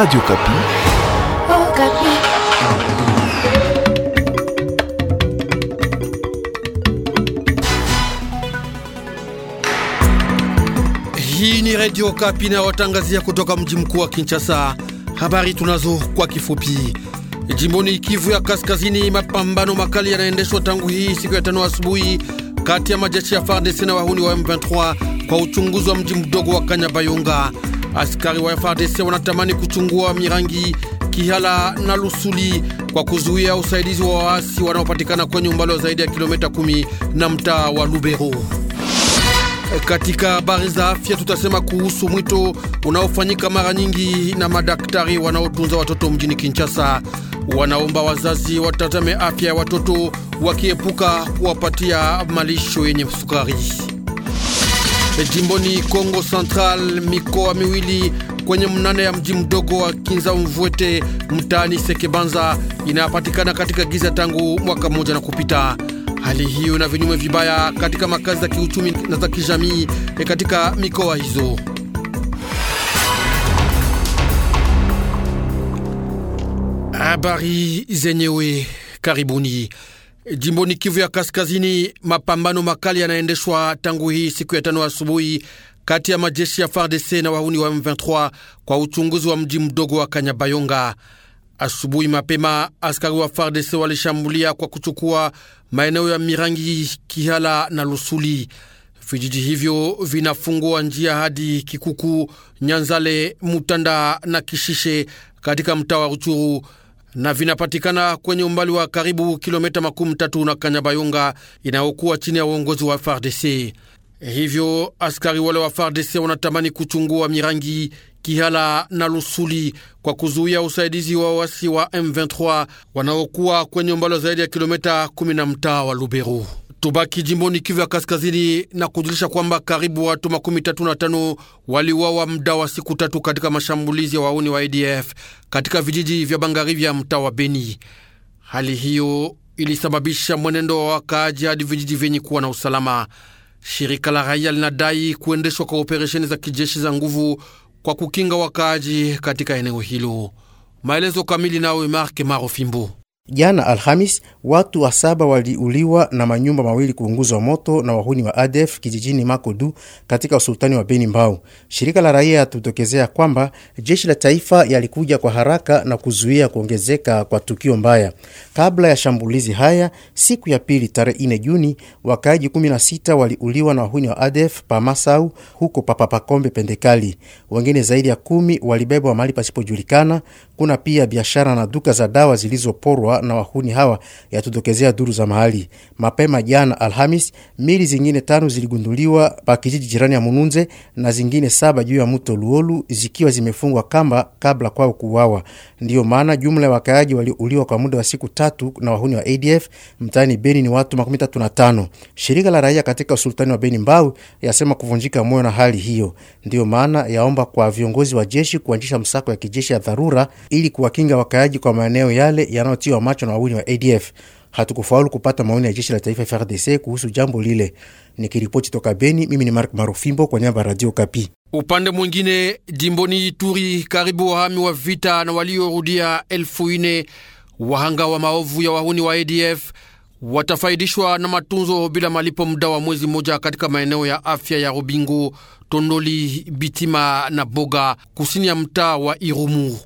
Radio Kapi. Oh, Kapi. Hii ni Radio Kapi watangazia kutoka mji mkuu wa Kinshasa. Habari tunazo kwa kifupi. Jimboni Kivu ya Kaskazini, mapambano makali yanaendeshwa tangu hii siku ya tano asubuhi kati ya majeshi ya FARDC na wahuni wa M23 kwa uchunguzi wa mji mdogo wa Kanyabayonga. Askari wa frdc wanatamani kuchungua Mirangi, Kihala na Lusuli kwa kuzuia usaidizi wa waasi wanaopatikana kwenye umbali wa zaidi ya kilomita kumi na mtaa wa Lubero. Katika habari za afya tutasema kuhusu mwito unaofanyika mara nyingi na madaktari wanaotunza watoto mjini Kinshasa. Wanaomba wazazi watazame afya ya watoto wakiepuka kuwapatia malisho yenye sukari. E, jimboni Kongo Central, mikoa miwili kwenye mnane ya mji mdogo wa Kinza Mvwete mtaani Sekebanza inapatikana katika giza tangu mwaka mmoja na kupita. Hali hiyo na vinyume vibaya katika makazi za kiuchumi na za kijamii e, katika mikoa hizo. Habari zenyewe, karibuni. Jimboni Kivu ya Kaskazini, mapambano makali yanaendeshwa tangu hii siku ya tano asubuhi kati ya majeshi ya FARDC na wahuni wa M23 kwa uchunguzi wa mji mdogo wa Kanyabayonga. Asubuhi mapema, askari wa FARDC walishambulia kwa kuchukua maeneo ya Mirangi, Kihala na Lusuli. Vijiji hivyo vinafungua njia hadi Kikuku, Nyanzale, Mutanda na Kishishe katika mtaa wa Ruchuru na vinapatikana kwenye umbali wa karibu kilomita makumi tatu na Kanyabayonga inayokuwa chini ya uongozi wa FARDC. Hivyo askari wale wa FARDC wanatamani kuchungua Mirangi, Kihala na Lusuli kwa kuzuia usaidizi wa wasi wa M23 wanaokuwa kwenye umbali wa zaidi ya kilomita 1 na mtaa wa Luberu. Tubaki jimboni Kivu ya Kaskazini na kujulisha kwamba karibu watu makumi tatu na tano waliwawa muda wa siku tatu katika mashambulizi ya wauni wa ADF katika vijiji vya Bangari vya mtaa wa Beni. Hali hiyo ilisababisha mwenendo wa wakaaji hadi vijiji vyenye kuwa na usalama. Shirika la raia linadai kuendeshwa kwa operesheni za kijeshi za nguvu kwa kukinga wakaaji katika eneo hilo. Maelezo kamili nawe Mark Marofimbo. Jana Alhamis, watu wa saba waliuliwa na manyumba mawili kuunguzwa moto na wahuni wa ADF kijijini Makodu katika usultani wa Beni Mbau. Shirika la raia yatutokezea kwamba jeshi la taifa yalikuja kwa haraka na kuzuia kuongezeka kwa tukio mbaya. Kabla ya shambulizi haya, siku ya pili tarehe 4 Juni, wakaaji 16 waliuliwa na wahuni wa ADF Pamasau huko Papapakombe Pendekali. Wengine zaidi ya kumi walibebwa mahali pasipojulikana. Kuna pia biashara na duka za dawa zilizoporwa na wahuni hawa yatudokezea duru za mahali. Mapema jana Alhamis, mili zingine tano ziligunduliwa pa kijiji jirani ya Mununze na zingine saba juu ya mto Luolu zikiwa zimefungwa kamba kabla kwao kuuawa. Ndiyo maana jumla ya wakaaji waliouliwa kwa muda wa siku tatu na wahuni wa ADF mtaani Beni ni watu makumi tatu na tano. Shirika la raia katika usultani wa Beni Mbau yasema kuvunjika moyo na hali hiyo, ndiyo maana yaomba kwa viongozi wa jeshi kuanzisha msako ya kijeshi ya dharura ili kuwakinga wakaaji kwa maeneo yale yanayotiwa waliokamatwa na wawili wa ADF. Hatukufaulu kupata maoni ya jeshi la taifa FRDC kuhusu jambo lile. Nikiripoti toka Beni, mimi ni Mark Marofimbo kwa niaba ya Radio Kapi. Upande mwingine, jimboni Ituri, karibu wahami wa vita na waliorudia elfu ine wahanga wa maovu ya wahuni wa ADF watafaidishwa na matunzo bila malipo muda wa mwezi mmoja katika maeneo ya afya ya Rubingo, Tondoli, Bitima na Boga kusini ya mtaa wa Irumu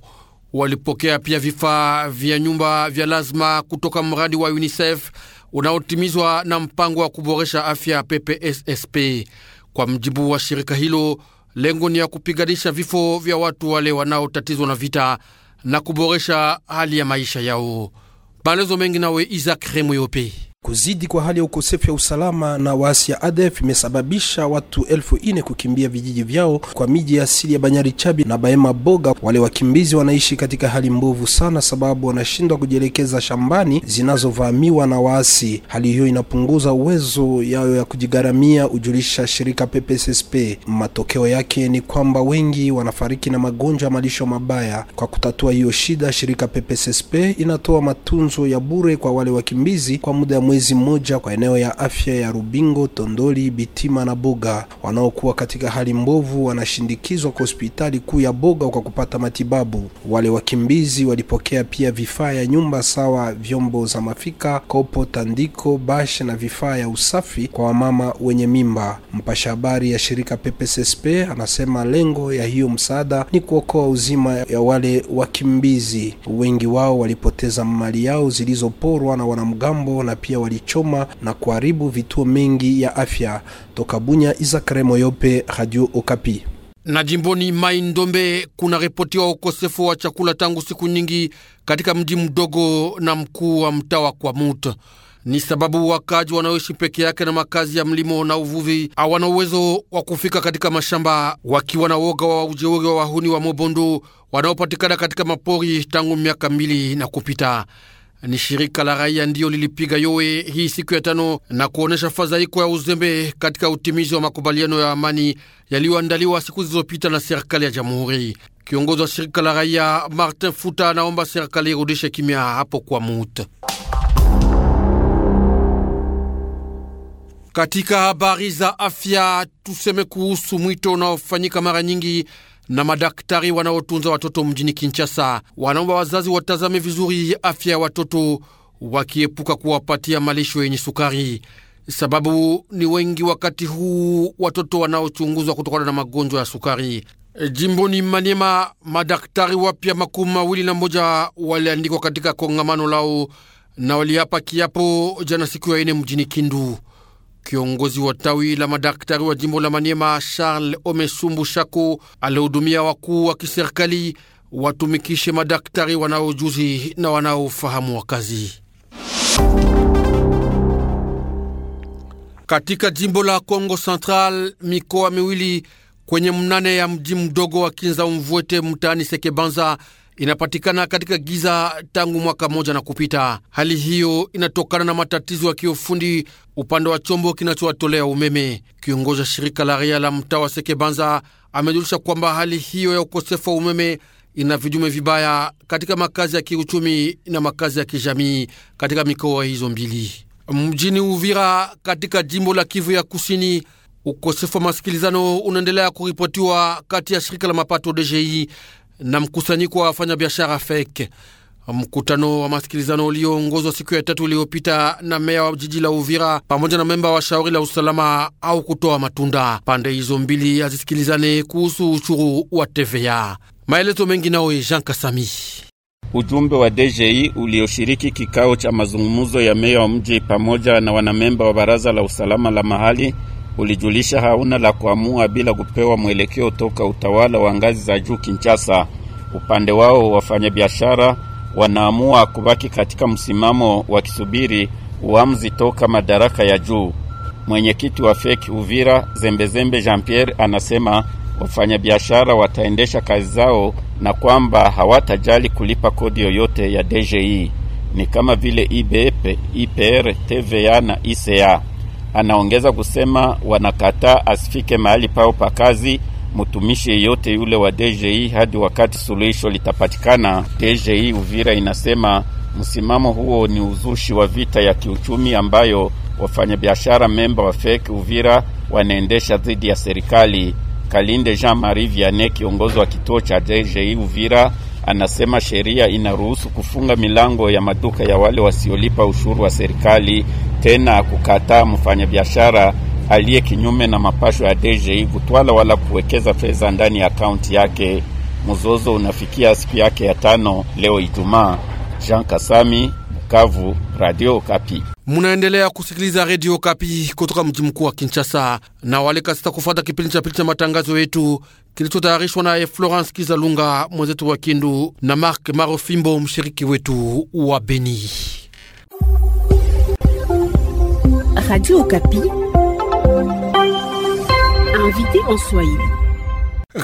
walipokea pia vifaa vya nyumba vya lazima kutoka mradi wa UNICEF unaotimizwa na mpango wa kuboresha afya PPSSP. Kwa mjibu wa shirika hilo, lengo ni ya kupiganisha vifo vya watu wale wanaotatizwa na vita na kuboresha hali ya maisha yao. Maelezo mengi nawe Isaac Remuyope. Kuzidi kwa hali ya ukosefu ya usalama na waasi ya ADF imesababisha watu elfu ine kukimbia vijiji vyao kwa miji ya asili ya Banyari Chabi na Baema Boga. Wale wakimbizi wanaishi katika hali mbovu sana, sababu wanashindwa kujielekeza shambani zinazovamiwa na waasi. Hali hiyo inapunguza uwezo yao ya kujigharamia, ujulisha shirika PPSSP. Matokeo yake ni kwamba wengi wanafariki na magonjwa ya malisho mabaya. Kwa kutatua hiyo shida, shirika PPSSP inatoa matunzo ya bure kwa wale wakimbizi kwa muda mwezi mmoja kwa eneo ya afya ya Rubingo, Tondoli, Bitima na Boga. Wanaokuwa katika hali mbovu wanashindikizwa kwa hospitali kuu ya Boga kwa kupata matibabu. Wale wakimbizi walipokea pia vifaa ya nyumba sawa vyombo za mafika, kopo, tandiko, bash na vifaa ya usafi kwa wamama wenye mimba. Mpasha habari ya shirika PPSSP anasema lengo ya hiyo msaada ni kuokoa uzima ya wale wakimbizi. Wengi wao walipoteza mali yao zilizoporwa na wanamgambo na pia walichoma na kuharibu vituo mengi ya afya. Toka Bunya, Izakare Moyope, Radio Okapi. Na jimboni Mai Ndombe kuna wa ukosefu wa chakula tangu siku nyingi katika mji mdogo na mkuu wa mtaa wa Kwamut. Ni sababu wakaji wanaoishi peke yake na makazi ya mlimo na uvuvi hawana uwezo wa kufika katika mashamba, wakiwa na woga wa ujeuri wa wahuni wa Mobondo wanaopatikana katika mapori tangu miaka mbili na kupita ni shirika la raia ndiyo lilipiga yowe hii siku ya tano na kuonyesha fadhaiko ya uzembe katika utimizi wa makubaliano ya amani yaliyoandaliwa siku zilizopita na serikali ya jamhuri. Kiongozi wa shirika la raia Martin Futa anaomba serikali irudishe kimya hapo kwa muta. Katika habari za afya, tuseme kuhusu mwito unaofanyika mara nyingi na madaktari wanaotunza watoto mjini Kinshasa wanaomba wazazi watazame vizuri afya ya watoto, wakiepuka kuwapatia malisho yenye sukari, sababu ni wengi wakati huu watoto wanaochunguzwa kutokana na magonjwa ya sukari. E, jimboni Maniema, madaktari wapya makumi mawili na moja waliandikwa katika kongamano lao na waliapa kiapo jana siku ya ine mjini Kindu. Kiongozi wa tawi la madaktari wa jimbo la Maniema, Charles Omesumbu Shako, alihudumia wakuu wa kiserikali watumikishe madaktari wanaojuzi na wanaofahamu wa kazi katika jimbo la congo Central. Mikoa miwili kwenye mnane ya mji mdogo wa Kinza Umvwete mtaani Sekebanza inapatikana katika giza tangu mwaka moja na kupita. Hali hiyo inatokana na matatizo ya kiufundi upande wa chombo kinachowatolea umeme. Kiongozi wa shirika la raia la mtaa wa Sekebanza amejulisha kwamba hali hiyo ya ukosefu wa umeme ina vijume vibaya katika makazi ya kiuchumi na makazi ya kijamii katika mikoa hizo mbili. Mjini Uvira katika jimbo la Kivu ya Kusini, ukosefu wa masikilizano unaendelea kuripotiwa kati ya shirika la mapato DGI na mkusanyiko wa wafanyabiashara FEK. Mkutano wa masikilizano ulioongozwa siku ya tatu iliyopita na meya wa jiji la Uvira pamoja na memba wa shauri la usalama au kutoa matunda. Pande hizo mbili hazisikilizane kuhusu uchuru wa TVA. Maelezo mengi nawe Jean Kasami. Ujumbe wa DGI ulioshiriki kikao cha mazungumzo ya meya wa mji pamoja na wanamemba wa baraza la usalama la mahali ulijulisha hauna la kuamua bila kupewa mwelekeo toka utawala wa ngazi za juu Kinshasa. Upande wao wafanyabiashara wanaamua kubaki katika msimamo wa kisubiri uamuzi toka madaraka ya juu. Mwenyekiti wa feki Uvira Zembezembe Jean Pierre anasema wafanyabiashara wataendesha kazi zao na kwamba hawatajali kulipa kodi yoyote ya DGI, ni kama vile IBEP, IPR, TVA na ICA. Anaongeza kusema wanakataa asifike mahali pao pa kazi mtumishi yeyote yule wa DGI hadi wakati suluhisho litapatikana. DGI Uvira inasema msimamo huo ni uzushi wa vita ya kiuchumi ambayo wafanyabiashara memba wa FEC Uvira wanaendesha dhidi ya serikali. Kalinde Jean Marie Vianney, kiongozi wa kituo cha DGI Uvira, anasema sheria inaruhusu kufunga milango ya maduka ya wale wasiolipa ushuru wa serikali, tena kukataa mfanyabiashara aliye kinyume na mapasho ya DGI kutwala wala kuwekeza fedha ndani ya akaunti yake. Mzozo unafikia siku yake ya tano leo Ijumaa. Jean Kasami, Bukavu, Radio Kapi. Munaendelea kusikiliza redio Kapi kutoka mji mkuu wa Kinshasa na waleka sita kufata kipindi cha pili cha matangazo yetu kilichotayarishwa naye Florence Kizalunga, mwenzetu wa Kindu, na Mark Marofimbo, mshiriki wetu wa Beni. Radio Kapi invité en Swahili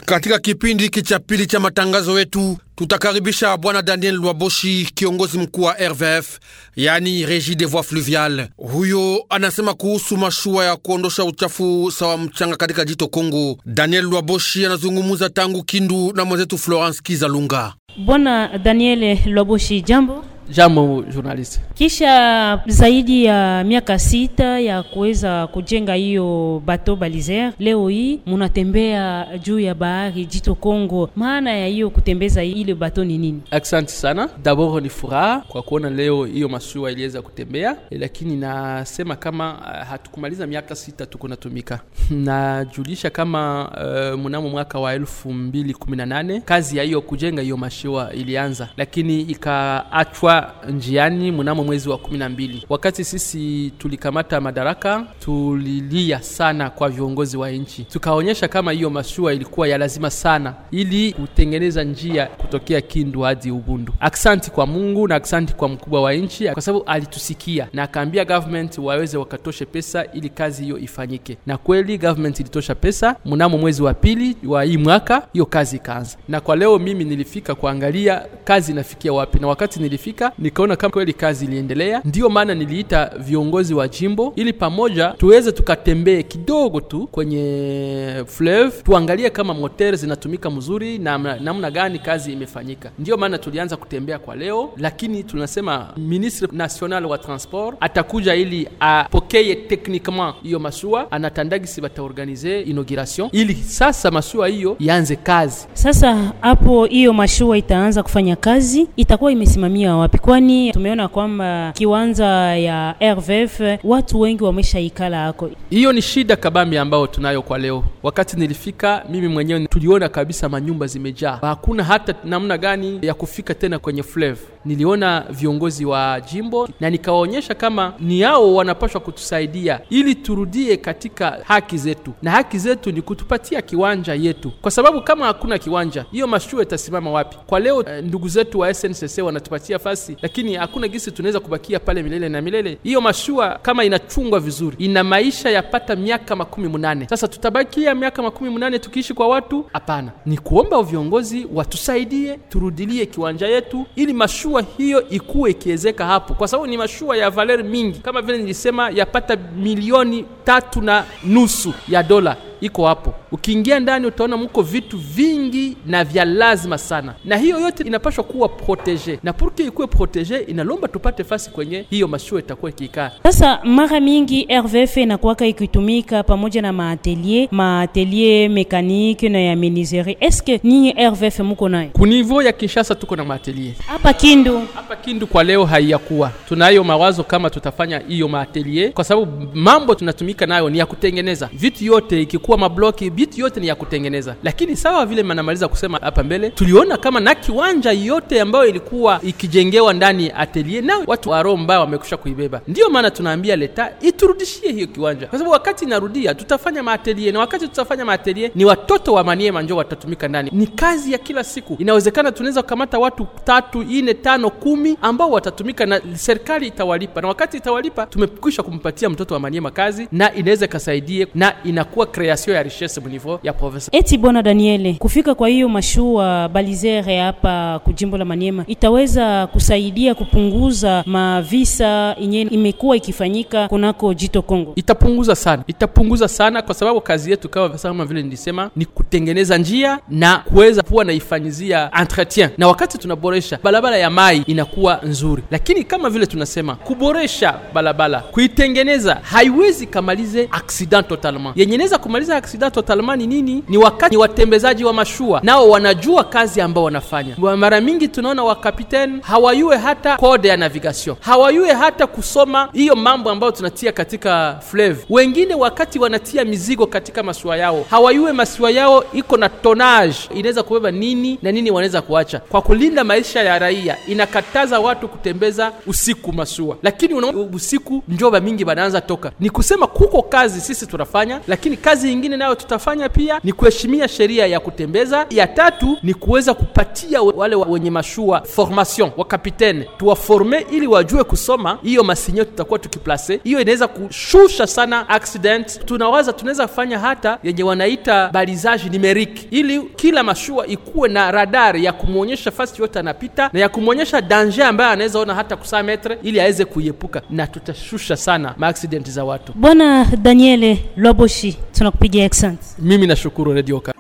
katika kipindi hiki cha pili cha matangazo yetu tutakaribisha bwana Daniel Lwaboshi, kiongozi mkuu wa RVF yani Regie des Voies Fluviales. Huyo anasema kuhusu mashua ya kuondosha uchafu sawa mchanga katika jito Kongo. Daniel Lwaboshi anazungumuza tangu Kindu na mwenzetu Florence Kizalunga. Bwana Daniel Lwaboshi, jambo. Jambo journalist. Kisha zaidi ya miaka sita ya kuweza kujenga hiyo bateau balizer, leo hii munatembea juu ya bahari jito Kongo. Maana ya hiyo kutembeza ile bateau ni nini? Asante sana. Dabord ni furaha kwa kuona leo hiyo mashua iliweza kutembea, lakini nasema kama eh, hatukumaliza miaka sita tuko natumika. Najulisha kama uh, mnamo mwaka wa elfu mbili kumi na nane kazi ya hiyo kujenga hiyo mashua ilianza, lakini ikaachwa njiani mnamo mwezi wa kumi na mbili wakati sisi tulikamata madaraka, tulilia sana kwa viongozi wa nchi, tukaonyesha kama hiyo mashua ilikuwa ya lazima sana ili kutengeneza njia kutokea Kindu hadi Ubundu. Aksanti kwa Mungu na aksanti kwa mkubwa wa nchi, kwa sababu alitusikia na akaambia government waweze wakatoshe pesa ili kazi hiyo ifanyike, na kweli government ilitosha pesa. Mnamo mwezi wa pili wa hii mwaka hiyo kazi ikaanza, na kwa leo mimi nilifika kuangalia kazi inafikia wapi, na wakati nilifika nikaona kama kweli kazi iliendelea. Ndiyo maana niliita viongozi wa jimbo ili pamoja tuweze tukatembee kidogo tu kwenye fleuve, tuangalie kama motere zinatumika mzuri na namna gani kazi imefanyika. Ndiyo maana tulianza kutembea kwa leo, lakini tunasema ministre national wa transport atakuja ili apokee techniquement hiyo mashua, anatandagisi bataorganize inauguration ili sasa mashua hiyo ianze kazi. Sasa hapo hiyo mashua itaanza kufanya kazi, itakuwa imesimamia wapi? kwani tumeona kwamba kiwanja ya RVF watu wengi wameshaikala hako. Hiyo ni shida kabambi ambayo tunayo kwa leo. Wakati nilifika mimi mwenyewe tuliona kabisa manyumba zimejaa, hakuna hata namna gani ya kufika tena kwenye Fleve. Niliona viongozi wa jimbo na nikawaonyesha kama ni yao wanapaswa kutusaidia ili turudie katika haki zetu, na haki zetu ni kutupatia kiwanja yetu, kwa sababu kama hakuna kiwanja, hiyo mashua itasimama wapi? Kwa leo eh, ndugu zetu wa SNCC wanatupatia fasi nafasi lakini hakuna gisi tunaweza kubakia pale milele na milele. Hiyo mashua kama inachungwa vizuri, ina maisha yapata miaka makumi munane. Sasa tutabakia miaka makumi munane tukiishi kwa watu? Hapana, ni kuomba viongozi watusaidie, turudilie kiwanja yetu, ili mashua hiyo ikuwe ikiwezeka hapo, kwa sababu ni mashua ya valeri mingi, kama vile nilisema, yapata milioni tatu na nusu ya dola iko hapo. Ukiingia ndani, utaona mko vitu vingi na vya lazima sana, na hiyo yote inapashwa kuwa protege, na purke ikuwe protege, inalomba tupate fasi kwenye hiyo mashua itakuwa ikikaa. Sasa mara mingi RVF inakuwaka ikitumika pamoja na maatelier maatelier mekanike na ya menuiserie. Eske ninyi RVF muko nayo kunivo ya Kinshasa? Tuko na maatelier hapa Kindu. Hapa Kindu kwa leo haiyakuwa, tunayo mawazo kama tutafanya hiyo maatelier, kwa sababu mambo tunatumika nayo ni ya kutengeneza vitu yote ikikuwa kuwa mabloki biti yote ni ya kutengeneza. Lakini sawa vile manamaliza kusema hapa mbele, tuliona kama na kiwanja yote ambayo ilikuwa ikijengewa ndani ya atelier nao watu wa roho mbaya wamekusha kuibeba. Ndiyo maana tunaambia leta iturudishie hiyo kiwanja, kwa sababu wakati inarudia tutafanya maatelier, na wakati tutafanya maatelier ni watoto wa Maniema njo watatumika ndani. Ni kazi ya kila siku, inawezekana tunaweza kukamata watu tatu ine tano kumi ambao watatumika na serikali itawalipa, na wakati itawalipa tumekwisha kumpatia mtoto wa Maniema kazi na inaweza ikasaidie na inakuwa kreasia population ya richesse mu ya province. Eti bwana Daniele, kufika kwa hiyo mashua balizere hapa kujimbo la Maniema itaweza kusaidia kupunguza mavisa yenye imekuwa ikifanyika kunako jito Kongo. Itapunguza sana, itapunguza sana kwa sababu kazi yetu kama kama vile nilisema ni kutengeneza njia na kuweza kuwa naifanyizia entretien, na wakati tunaboresha barabara ya mai inakuwa nzuri, lakini kama vile tunasema kuboresha barabara kuitengeneza haiwezi kamalize accident totalement yenye kumaliza kutengeneza aksida totalmani nini, ni wakati ni watembezaji wa mashua, nao wanajua kazi ambao wanafanya. Mara mingi tunaona wakapiteni hawayue hata kode ya navigation, hawayue hata kusoma hiyo mambo ambayo tunatia katika fleve. Wengine wakati wanatia mizigo katika mashua yao hawayue mashua yao iko na tonage inaweza kubeba nini na nini wanaweza kuacha. Kwa kulinda maisha ya raia, inakataza watu kutembeza usiku mashua, lakini usiku njoba mingi banaanza toka. Ni kusema kuko kazi sisi tunafanya, lakini kazi nyingine nayo tutafanya pia ni kuheshimia sheria ya kutembeza. Ya tatu ni kuweza kupatia wale wenye mashua formation wa kapitene, tuwaforme ili wajue kusoma hiyo masinyo tutakuwa tukiplace. Hiyo inaweza kushusha sana accident. Tunawaza tunaweza kufanya hata yenye wanaita balizaji numerique, ili kila mashua ikuwe na radar ya kumwonyesha fasi yote anapita na ya kumwonyesha danger ambaye anaweza ona hata kusaa metre, ili aweze kuiepuka, na tutashusha sana maaksidenti za watu. Bwana Daniele Loboshi tunaku kupiga accent. Mimi nashukuru Radio Kapi.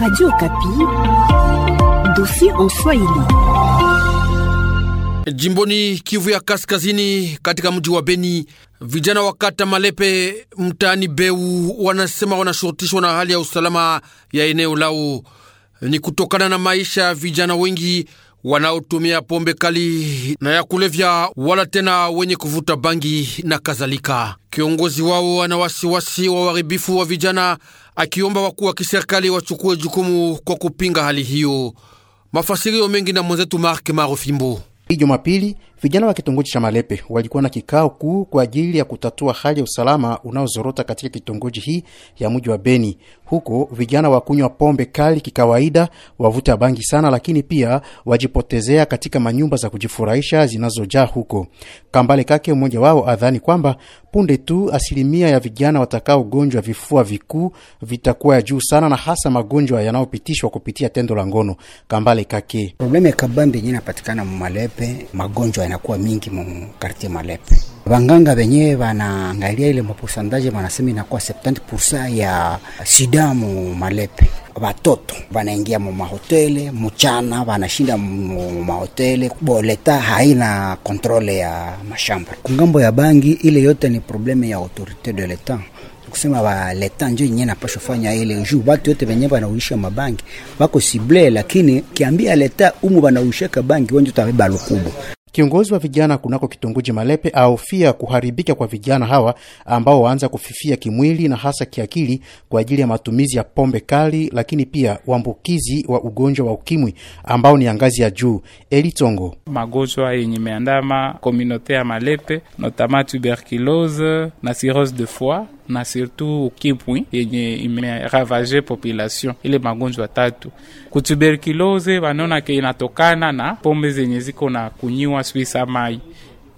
Radio Kapi. dossier en Swahili. Jimboni Kivu ya Kaskazini, katika mji wa Beni, vijana wa kata Malepe mtaani Beu wanasema wanashurutishwa na hali ya usalama ya eneo lao. Ni kutokana na maisha vijana wengi wanaotumia pombe kali na ya kulevya, wala tena wenye kuvuta bangi na kadhalika. Kiongozi wao ana wasiwasi wa uharibifu wa vijana, akiomba wakuu wa kiserikali wachukue jukumu kwa kupinga hali hiyo. Mafasirio mengi na mwenzetu Mark Marofimbo. Jumapili Vijana wa kitongoji cha Malepe walikuwa na kikao kuu kwa ajili ya kutatua hali ya usalama unaozorota katika kitongoji hii ya mji wa Beni. Huko vijana wakunywa pombe kali kikawaida, wavuta bangi sana, lakini pia wajipotezea katika manyumba za kujifurahisha zinazojaa huko. Kambale Kake, mmoja wao, adhani kwamba punde tu asilimia ya vijana watakaogonjwa vifua vikuu vitakuwa ya juu sana, na hasa magonjwa yanayopitishwa kupitia tendo la ngono. Kambale Kake: probleme kabambi yenyewe inapatikana Malepe, magonjwa yanakuwa mingi mu quartier Malepe. Banganga benyewe banaangalia ile mapusandaje banasema inakuwa 70% ya shida mu Malepe. Batoto banaingia mu mahotele mchana, banashinda mu mahotele, boleta haina kontrole ya mashamba. Kungambo ya bangi ile yote ni probleme ya autorite de l'etat kusema baleta njo yenyewe napasha fanya ile juu watu wote wenye banauisha mabangi wako sible, lakini kiambia leta umu banauishaka bangi wenjo tabeba lukubu Kiongozi wa vijana kunako kitongoji Malepe ahofia kuharibika kwa vijana hawa ambao waanza kufifia kimwili na hasa kiakili kwa ajili ya matumizi ya pombe kali, lakini pia uambukizi wa ugonjwa wa ukimwi ambao ni ngazi ya juu. Eli Tongo, magonjwa yenye meandama komunote ya Malepe, notama tuberculose na cirrhose de foie na surtout ukipwi yenye imeravage population ile magonjwa tatu. Kutuberculose wanaona ke inatokana na pombe zenye ziko na kunyiwa swisa mai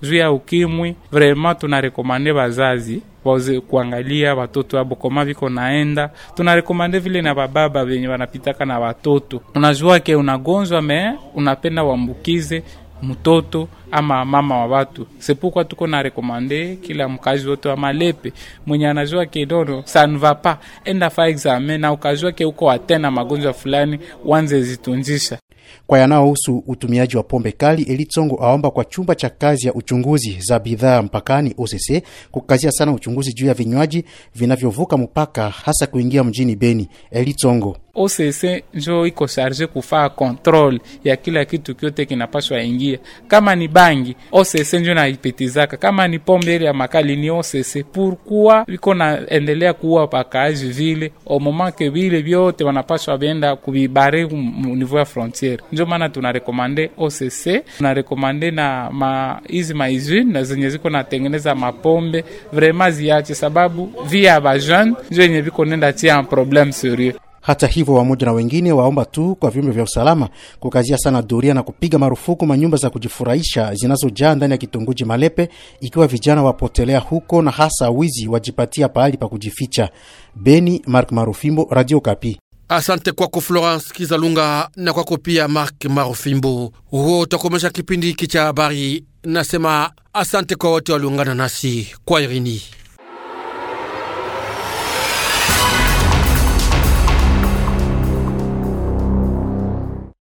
juu ya ukimwi. Vraiment tunarekomande bazazi waweze kuangalia watoto wabo koma viko naenda. Tunarekomande vile na bababa venye wanapitaka na watoto, unajua ke unagonjwa me unapenda wambukize mtoto ama mama wa watu sepukwa tuko na rekomande kila mkazi wote wa Malepe mwenye anajua ke dono sanva pa enda fa examen na ukajua ke uko atena magonjwa fulani wanze zitunzisha. Kwa yanayohusu utumiaji wa pombe kali, Elitsongo aomba kwa chumba cha kazi ya uchunguzi za bidhaa mpakani OCC kukazia sana uchunguzi juu ya vinywaji vinavyovuka mpaka hasa kuingia mjini Beni. Elitsongo: OCC njo iko charge kufaa control ya kila kitu kyote kinapaswa ingia. Kama ni bangi OCC njo naipitizaka, kama ni pombe ile ya makali ni OCC. Pourquoi viko endelea kuwa pakaaji vile au omomake vile vyote wanapashwa venda kuvibare niveau ya frontiere? Njo maana tuna recommander OCC, tuna recommander na ma hizi maizini na zenye ziko natengeneza mapombe vraiment ziache, sababu via ya vajeune njo yenye viko nenda tia un problème sérieux hata hivyo, wamoja na wengine waomba tu kwa vyombo vya usalama kukazia sana doria na kupiga marufuku manyumba za kujifurahisha zinazojaa ndani ya kitongoji Malepe, ikiwa vijana wapotelea huko na hasa wizi wajipatia pahali pa kujificha. Beni, Mark Marufimbo, Radio Kapi. Asante kwako Florence Kizalunga na kwako pia Mark Marufimbo. Huo utakomesha kipindi hiki cha habari. Nasema asante kwa wote waliungana nasi kwa Irini.